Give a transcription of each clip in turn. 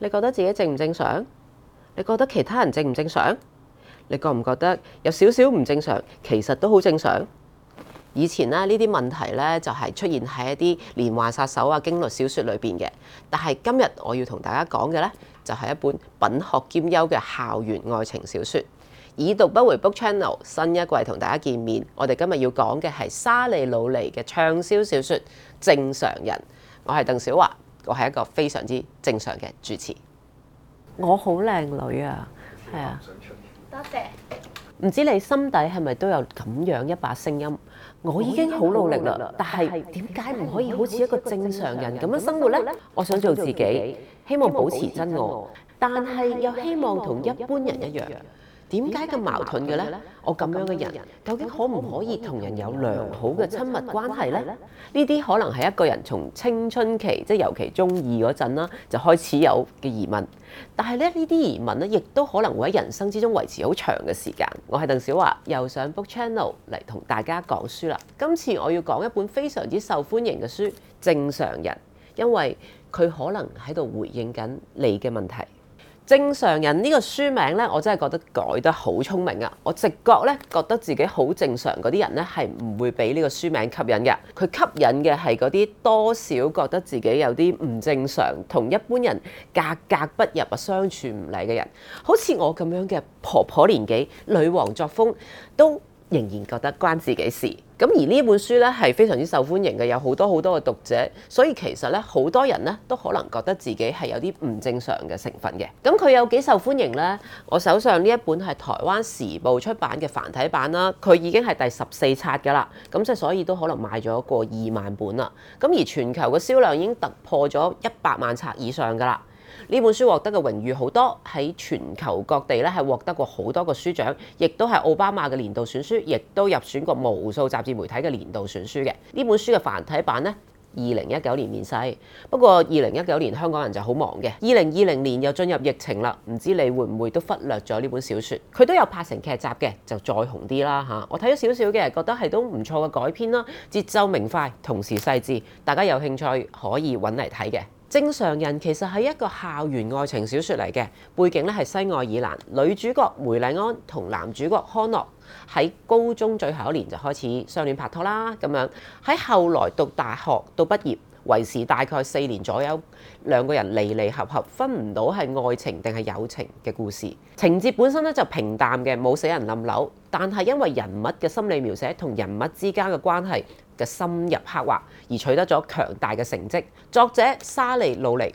你覺得自己正唔正常？你覺得其他人正唔正常？你覺唔覺得有少少唔正常，其實都好正常？以前咧，呢啲問題呢，就係出現喺一啲連環殺手啊、驚慄小説裏邊嘅。但係今日我要同大家講嘅呢，就係一本品學兼優嘅校園愛情小説。已讀不回 Book Channel 新一季同大家見面。我哋今日要講嘅係莎莉魯尼嘅暢銷小説《正常人》。我係鄧小樺。我係一個非常之正常嘅主持。我好靚女啊，係啊，多謝，謝。唔知你心底係咪都有咁樣一把聲音？我已經好努力啦，力但係點解唔可以好似一個正常人咁樣生活呢？活呢，我想做自己，希望保持真我，真但係又希望同一般人一樣。點解咁矛盾嘅咧？我咁樣嘅人究竟可唔可以同人有良好嘅親密關係呢？呢啲可能係一個人從青春期，即係尤其中二嗰陣啦，就開始有嘅疑問。但係咧，呢啲疑問咧，亦都可能會喺人生之中維持好長嘅時間。我係鄧小樺，又上 Book Channel 嚟同大家講書啦。今次我要講一本非常之受歡迎嘅書《正常人》，因為佢可能喺度回應緊你嘅問題。正常人呢個書名呢，我真係覺得改得好聰明啊！我直覺呢，覺得自己好正常嗰啲人呢，係唔會俾呢個書名吸引嘅。佢吸引嘅係嗰啲多少覺得自己有啲唔正常，同一般人格格不入啊，相處唔嚟嘅人，好似我咁樣嘅婆婆年紀、女王作風都。仍然覺得關自己事咁，而呢本書呢，係非常之受歡迎嘅，有好多好多嘅讀者，所以其實呢，好多人呢都可能覺得自己係有啲唔正常嘅成分嘅。咁佢有幾受歡迎呢？我手上呢一本係台灣時報出版嘅繁體版啦，佢已經係第十四冊㗎啦，咁即係所以都可能賣咗過二萬本啦。咁而全球嘅銷量已經突破咗一百萬冊以上㗎啦。呢本書獲得嘅榮譽好多，喺全球各地咧，係獲得過好多個書獎，亦都係奧巴馬嘅年度選書，亦都入選過無數雜誌媒體嘅年度選書嘅。呢本書嘅繁體版呢，二零一九年面世。不過二零一九年香港人就好忙嘅，二零二零年又進入疫情啦，唔知你會唔會都忽略咗呢本小説？佢都有拍成劇集嘅，就再紅啲啦嚇。我睇咗少少嘅，覺得係都唔錯嘅改編啦，節奏明快，同時細緻。大家有興趣可以揾嚟睇嘅。正常人其實係一個校園愛情小說嚟嘅，背景咧係西愛爾蘭，女主角梅麗安同男主角康諾喺高中最後一年就開始相戀拍拖啦，咁樣喺後來讀大學到畢業，維持大概四年左右，兩個人離離合合，分唔到係愛情定係友情嘅故事。情節本身咧就平淡嘅，冇死人冧樓，但係因為人物嘅心理描寫同人物之間嘅關係。嘅深入刻畫而取得咗強大嘅成績。作者莎莉魯尼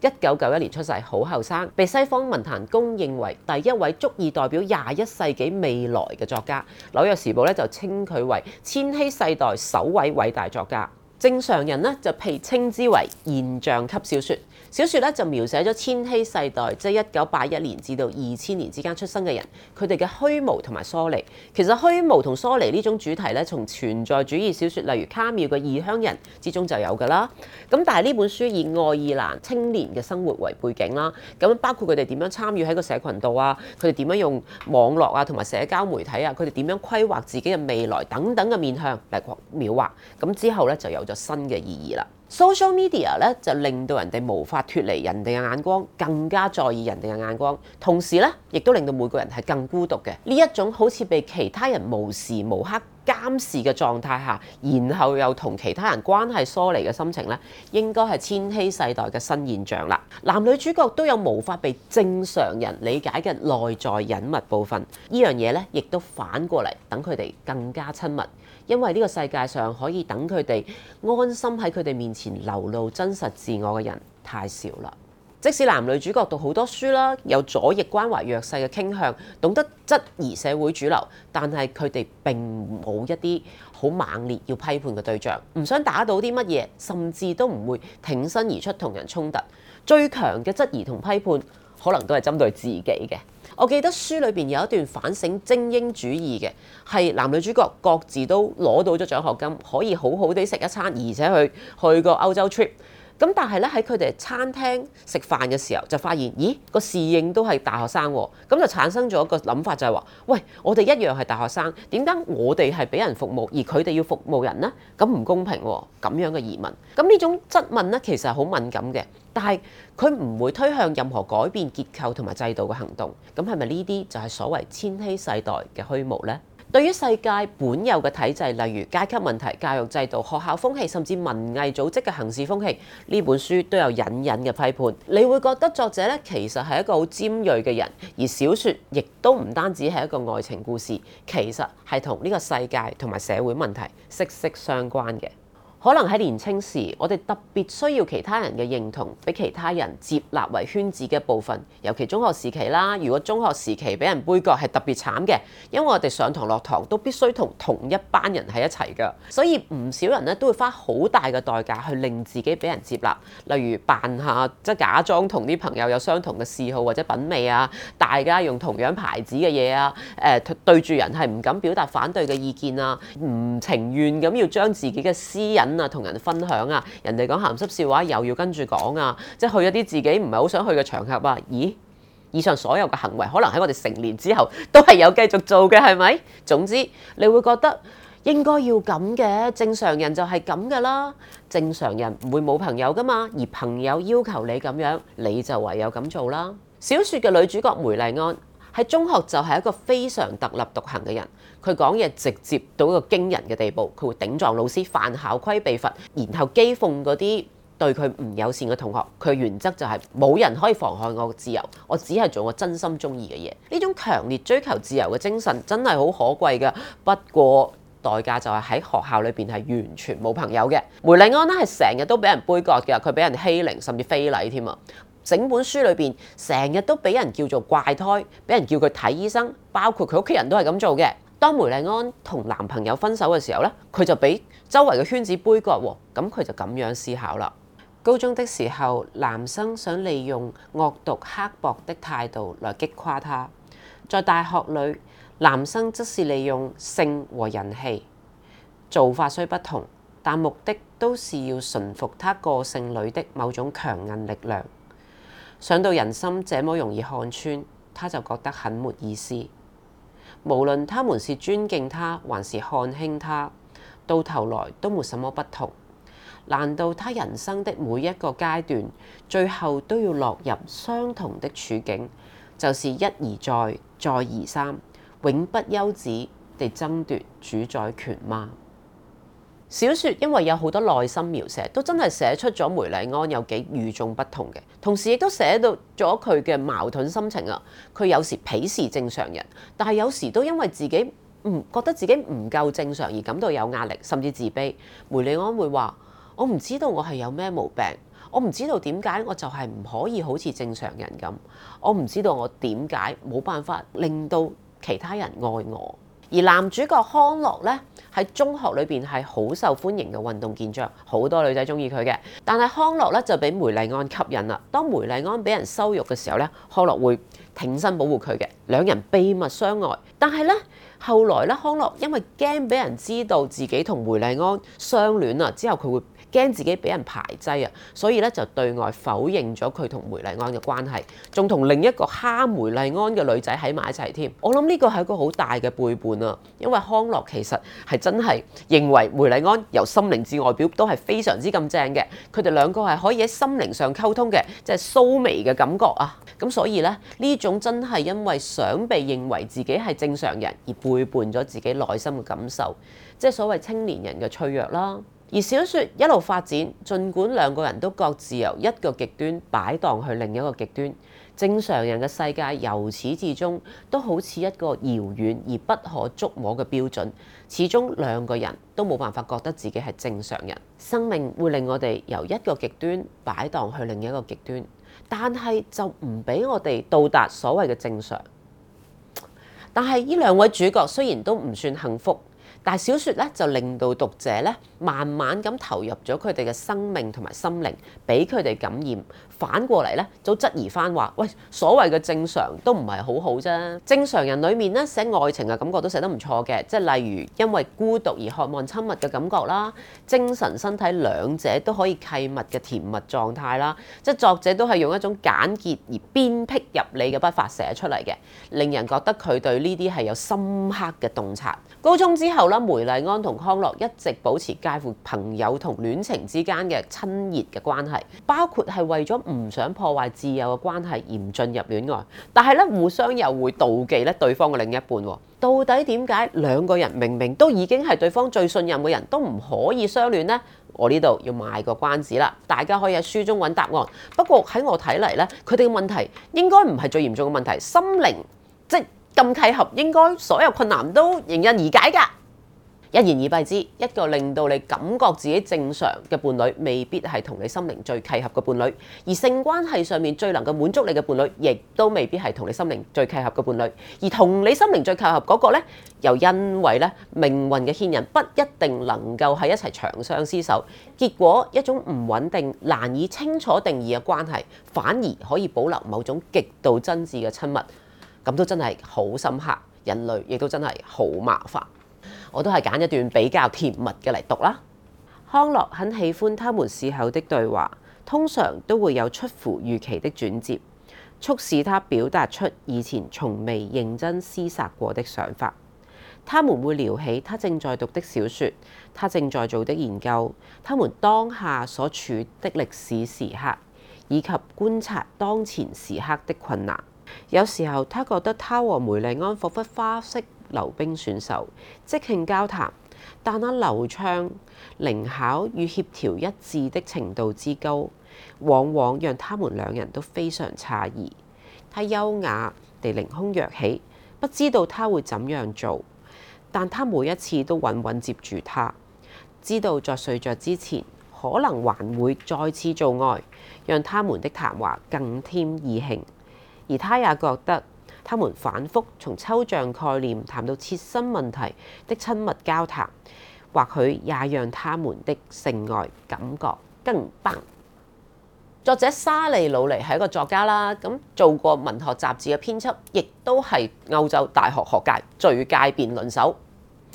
一九九一年出世，好後生，被西方文壇公認為第一位足以代表廿一世紀未來嘅作家。紐約時報咧就稱佢為千禧世代首位偉大作家。正常人咧就被稱之為現象級小說。小説咧就描寫咗千禧世代，即係一九八一年至到二千年之間出生嘅人，佢哋嘅虛無同埋疏離。其實虛無同疏離呢種主題咧，從存在主義小説，例如卡妙嘅《異鄉人》之中就有㗎啦。咁但係呢本書以愛爾蘭青年嘅生活為背景啦，咁包括佢哋點樣參與喺個社群度啊，佢哋點樣用網絡啊同埋社交媒體啊，佢哋點樣規劃自己嘅未來等等嘅面向嚟描畫。咁之後咧就有咗新嘅意義啦。Social media 咧就令到人哋無法脫離人哋嘅眼光，更加在意人哋嘅眼光，同時咧亦都令到每個人係更孤獨嘅呢一種好似被其他人無時無刻。監視嘅狀態下，然後又同其他人關係疏離嘅心情呢，應該係千禧世代嘅新現象啦。男女主角都有無法被正常人理解嘅內在隱密部分，呢樣嘢呢亦都反過嚟等佢哋更加親密，因為呢個世界上可以等佢哋安心喺佢哋面前流露真實自我嘅人太少啦。即使男女主角讀好多書啦，有左翼關懷弱勢嘅傾向，懂得質疑社會主流，但係佢哋並冇一啲好猛烈要批判嘅對象，唔想打倒啲乜嘢，甚至都唔會挺身而出同人衝突。最強嘅質疑同批判，可能都係針對自己嘅。我記得書裏邊有一段反省精英主義嘅，係男女主角各自都攞到咗獎學金，可以好好地食一餐，而且去去個歐洲 trip。咁但係咧，喺佢哋餐廳食飯嘅時候就發現，咦，個侍應都係大學生喎，咁就產生咗一個諗法就係話：喂，我哋一樣係大學生，點解我哋係俾人服務而佢哋要服務人呢？咁唔公平喎，咁樣嘅疑問。咁呢種質問呢，其實係好敏感嘅，但係佢唔會推向任何改變結構同埋制度嘅行動。咁係咪呢啲就係所謂千禧世代嘅虛無呢？對於世界本有嘅體制，例如階級問題、教育制度、學校風氣，甚至文藝組織嘅行事風氣，呢本書都有隱隱嘅批判。你會覺得作者咧其實係一個好尖鋭嘅人，而小説亦都唔單止係一個愛情故事，其實係同呢個世界同埋社會問題息息相關嘅。可能喺年青時，我哋特別需要其他人嘅認同，俾其他人接納為圈子嘅部分。尤其中學時期啦，如果中學時期俾人杯葛係特別慘嘅，因為我哋上堂落堂都必須同同一班人喺一齊㗎，所以唔少人咧都會花好大嘅代價去令自己俾人接納。例如扮下即係假裝同啲朋友有相同嘅嗜好或者品味啊，大家用同樣牌子嘅嘢啊，誒、呃、對住人係唔敢表達反對嘅意見啊，唔情願咁要將自己嘅私隱。啊！同人分享啊，人哋講咸濕笑話又要跟住講啊，即係去咗啲自己唔係好想去嘅場合啊。咦？以上所有嘅行為，可能喺我哋成年之後都係有繼續做嘅，係咪？總之你會覺得應該要咁嘅，正常人就係咁噶啦。正常人唔會冇朋友噶嘛，而朋友要求你咁樣，你就唯有咁做啦。小說嘅女主角梅麗安。喺中學就係一個非常特立獨行嘅人，佢講嘢直接到一個驚人嘅地步，佢會頂撞老師犯校規被罰，然後譏諷嗰啲對佢唔友善嘅同學。佢原則就係、是、冇人可以妨害我嘅自由，我只係做我真心中意嘅嘢。呢種強烈追求自由嘅精神真係好可貴㗎，不過代價就係喺學校裏邊係完全冇朋友嘅。梅麗安呢係成日都俾人杯葛嘅，佢俾人欺凌甚至非禮添啊！整本書裏邊成日都俾人叫做怪胎，俾人叫佢睇醫生，包括佢屋企人都係咁做嘅。當梅麗安同男朋友分手嘅時候呢，佢就俾周圍嘅圈子杯葛喎，咁佢就咁樣思考啦。高中的時候，男生想利用惡毒刻薄的態度來擊垮他，在大學裏，男生則是利用性和人氣。做法雖不同，但目的都是要馴服他個性裏的某種強硬力量。想到人心這麼容易看穿，他就覺得很沒意思。無論他們是尊敬他，還是看輕他，到頭來都沒什麼不同。難道他人生的每一個階段，最後都要落入相同的處境，就是一而再，再而三，永不休止地爭奪主宰權嗎？小説因為有好多內心描寫，都真係寫出咗梅麗安有幾與眾不同嘅，同時亦都寫到咗佢嘅矛盾心情啦。佢有時鄙視正常人，但係有時都因為自己唔覺得自己唔夠正常而感到有壓力，甚至自卑。梅麗安會話：我唔知道我係有咩毛病，我唔知道點解我就係唔可以好似正常人咁，我唔知道我點解冇辦法令到其他人愛我。而男主角康樂咧，喺中學裏邊係好受歡迎嘅運動健將，好多女仔鍾意佢嘅。但係康樂咧就俾梅麗安吸引啦。當梅麗安俾人羞辱嘅時候咧，康樂會挺身保護佢嘅。兩人秘密相愛，但係咧後來咧康樂因為驚俾人知道自己同梅麗安相戀啊，之後佢會。驚自己俾人排擠啊，所以咧就對外否認咗佢同梅麗安嘅關係，仲同另一個蝦梅麗安嘅女仔喺埋一齊添。我諗呢個係一個好大嘅背叛啊，因為康諾其實係真係認為梅麗安由心靈至外表都係非常之咁正嘅，佢哋兩個係可以喺心靈上溝通嘅，即係蘇眉嘅感覺啊。咁所以咧呢種真係因為想被認為自己係正常人而背叛咗自己內心嘅感受，即係所謂青年人嘅脆弱啦。而小說一路發展，儘管兩個人都各自由一個極端擺盪去另一個極端，正常人嘅世界由始至終都好似一個遙遠而不可觸摸嘅標準。始終兩個人都冇辦法覺得自己係正常人，生命會令我哋由一個極端擺盪去另一個極端，但係就唔俾我哋到達所謂嘅正常。但係呢兩位主角雖然都唔算幸福。但係小說咧，就令到讀者咧，慢慢咁投入咗佢哋嘅生命同埋心靈，俾佢哋感染。反過嚟咧，就質疑翻話：「喂，所謂嘅正常都唔係好好啫。正常人裡面咧，寫愛情嘅感覺都寫得唔錯嘅，即係例如因為孤獨而渴望親密嘅感覺啦，精神身體兩者都可以契密嘅甜蜜狀態啦，即係作者都係用一種簡潔而鞭辟入裡嘅筆法寫出嚟嘅，令人覺得佢對呢啲係有深刻嘅洞察。高中之後咧，梅麗安同康樂一直保持介乎朋友同戀情之間嘅親熱嘅關係，包括係為咗唔想破壞摯友嘅關係而唔進入戀愛，但係咧互相又會妒忌咧對方嘅另一半喎。到底點解兩個人明明都已經係對方最信任嘅人都唔可以相戀呢？我呢度要賣個關子啦，大家可以喺書中揾答案。不過喺我睇嚟，咧，佢哋嘅問題應該唔係最嚴重嘅問題，心靈即咁契合，應該所有困難都迎刃而解噶。一言以蔽之，一個令到你感覺自己正常嘅伴侶，未必係同你心靈最契合嘅伴侶；而性關係上面最能夠滿足你嘅伴侶，亦都未必係同你心靈最契合嘅伴侶。而同你心靈最契合嗰個呢，又因為咧命運嘅牽引，不一定能夠喺一齊長相廝守。結果一種唔穩定、難以清楚定義嘅關係，反而可以保留某種極度真摯嘅親密。咁都真係好深刻，人類亦都真係好麻煩。我都係揀一段比較甜蜜嘅嚟讀啦。康樂很喜歡他們事後的對話，通常都會有出乎預期的轉折，促使他表達出以前從未認真思索過的想法。他們會聊起他正在讀的小說，他正在做的研究，他們當下所處的歷史時刻，以及觀察當前時刻的困難。有時候他覺得他和梅麗安彷彿花式溜冰選手即興交談，但那流暢靈巧與協調一致的程度之高，往往讓他們兩人都非常詫異。他優雅地凌空躍起，不知道他會怎樣做，但他每一次都穩穩接住他。知道在睡着之前，可能還會再次做愛，讓他們的談話更添意興，而他也覺得。他們反覆從抽象概念談到切身問題的親密交談，或許也讓他們的性愛感覺更棒。作者莎莉魯尼係一個作家啦，咁做過文學雜誌嘅編輯，亦都係歐洲大學學界最佳辯論手。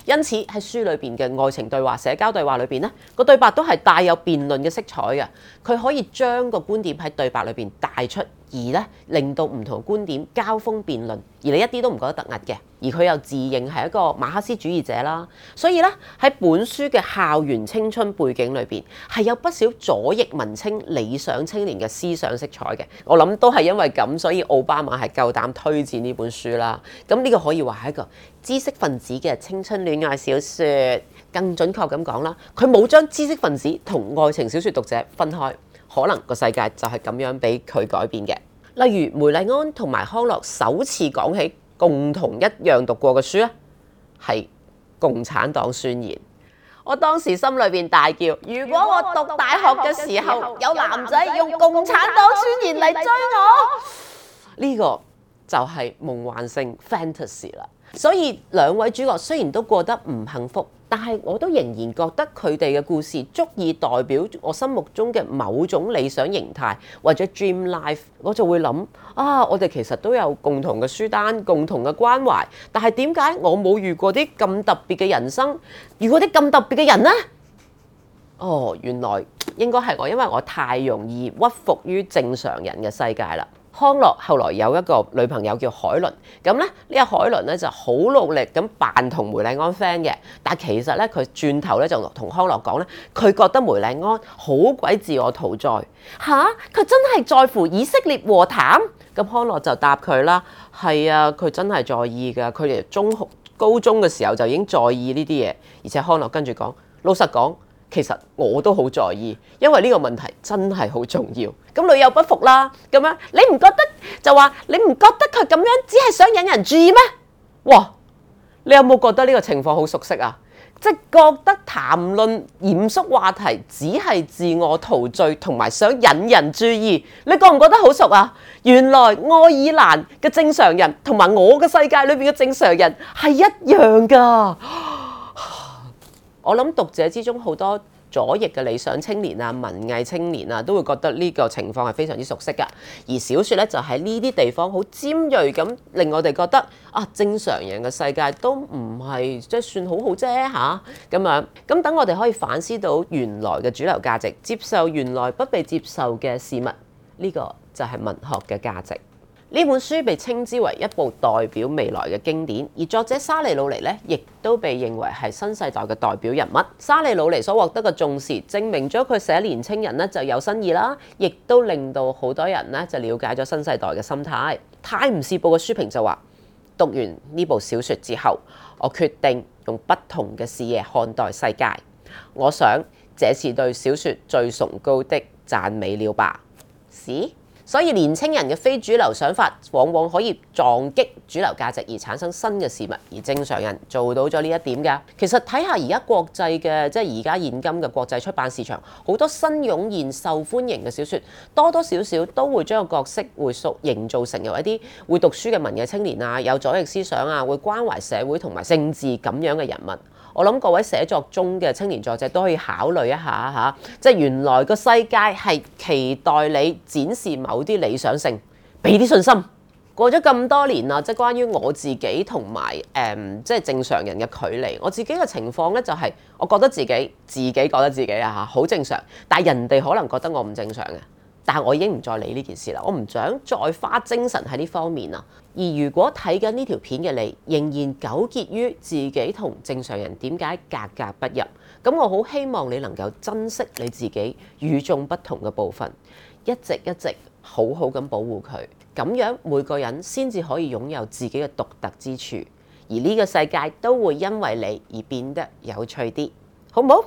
因此喺書裏邊嘅愛情對話、社交對話裏邊咧，個對白都係帶有辯論嘅色彩嘅。佢可以將個觀點喺對白裏邊帶出。而咧令到唔同觀點交鋒辯論，而你一啲都唔覺得突兀嘅，而佢又自認係一個馬克思主義者啦。所以咧喺本書嘅校園青春背景裏邊，係有不少左翼文青理想青年嘅思想色彩嘅。我諗都係因為咁，所以奧巴馬係夠膽推薦呢本書啦。咁、這、呢個可以話係一個知識分子嘅青春戀愛小説，更準確咁講啦，佢冇將知識分子同愛情小説讀者分開。可能個世界就係咁樣俾佢改變嘅。例如梅麗安同埋康樂首次講起共同一樣讀過嘅書啊，係共產黨宣言。我當時心裏邊大叫：如果我讀大學嘅時候有男仔用共產黨宣言嚟追我，呢個就係夢幻性 fantasy 啦。所以兩位主角雖然都過得唔幸福。但係我都仍然覺得佢哋嘅故事足以代表我心目中嘅某種理想形態，或者 dream life，我就會諗啊，我哋其實都有共同嘅書單、共同嘅關懷。但係點解我冇遇過啲咁特別嘅人生？遇過啲咁特別嘅人呢？哦，原來應該係我，因為我太容易屈服於正常人嘅世界啦。康樂後來有一個女朋友叫海倫，咁咧呢個海倫咧就好努力咁扮同梅麗安 friend 嘅，但其實咧佢轉頭咧就同康樂講咧，佢覺得梅麗安好鬼自我陶醉，吓？佢真係在乎以色列和談？咁康樂就答佢啦，係啊，佢真係在意㗎，佢哋中學、高中嘅時候就已經在意呢啲嘢，而且康樂跟住講，老實講。其實我都好在意，因為呢個問題真係好重要。咁女友不服啦，咁樣你唔覺得就話你唔覺得佢咁樣只係想引人注意咩？嘩！你有冇覺得呢個情況好熟悉啊？即係覺得談論嚴肅話題只係自我陶醉同埋想引人注意，你覺唔覺得好熟啊？原來愛爾蘭嘅正常人同埋我嘅世界裏邊嘅正常人係一樣㗎。我諗讀者之中好多左翼嘅理想青年啊、文藝青年啊，都會覺得呢個情況係非常之熟悉噶。而小説呢，就喺呢啲地方好尖鋭咁，令我哋覺得啊，正常人嘅世界都唔係即算好好啫嚇咁樣。咁等我哋可以反思到原來嘅主流價值，接受原來不被接受嘅事物，呢個就係文學嘅價值。呢本書被稱之為一部代表未來嘅經典，而作者莎莉·魯尼呢，亦都被認為係新世代嘅代表人物。莎莉·魯尼所獲得嘅重視，證明咗佢寫年青人呢就有新意啦，亦都令到好多人呢就了解咗新世代嘅心態。泰晤士報嘅書評就話：讀完呢部小説之後，我決定用不同嘅視野看待世界。我想這是對小説最崇高的讚美了吧？屎！所以年青人嘅非主流想法，往往可以撞擊主流價值而產生新嘅事物。而正常人做到咗呢一點㗎。其實睇下而家國際嘅，即係而家現今嘅國際出版市場，好多新湧現受歡迎嘅小說，多多少少都會將個角色會塑營造成為一啲會讀書嘅文藝青年啊，有左翼思想啊，會關懷社會同埋政治咁樣嘅人物。我諗各位寫作中嘅青年作者都可以考慮一下吓，即係原來個世界係期待你展示某啲理想性，俾啲信心。過咗咁多年啦，即係關於我自己同埋誒，即係正常人嘅距離，我自己嘅情況呢，就係、是，我覺得自己自己覺得自己啊吓，好正常，但係人哋可能覺得我唔正常嘅。但我已經唔再理呢件事啦，我唔想再花精神喺呢方面啦。而如果睇緊呢條片嘅你，仍然糾結於自己同正常人點解格格不入，咁我好希望你能夠珍惜你自己與眾不同嘅部分，一直一直好好咁保護佢。咁樣每個人先至可以擁有自己嘅獨特之處，而呢個世界都會因為你而變得有趣啲，好唔好？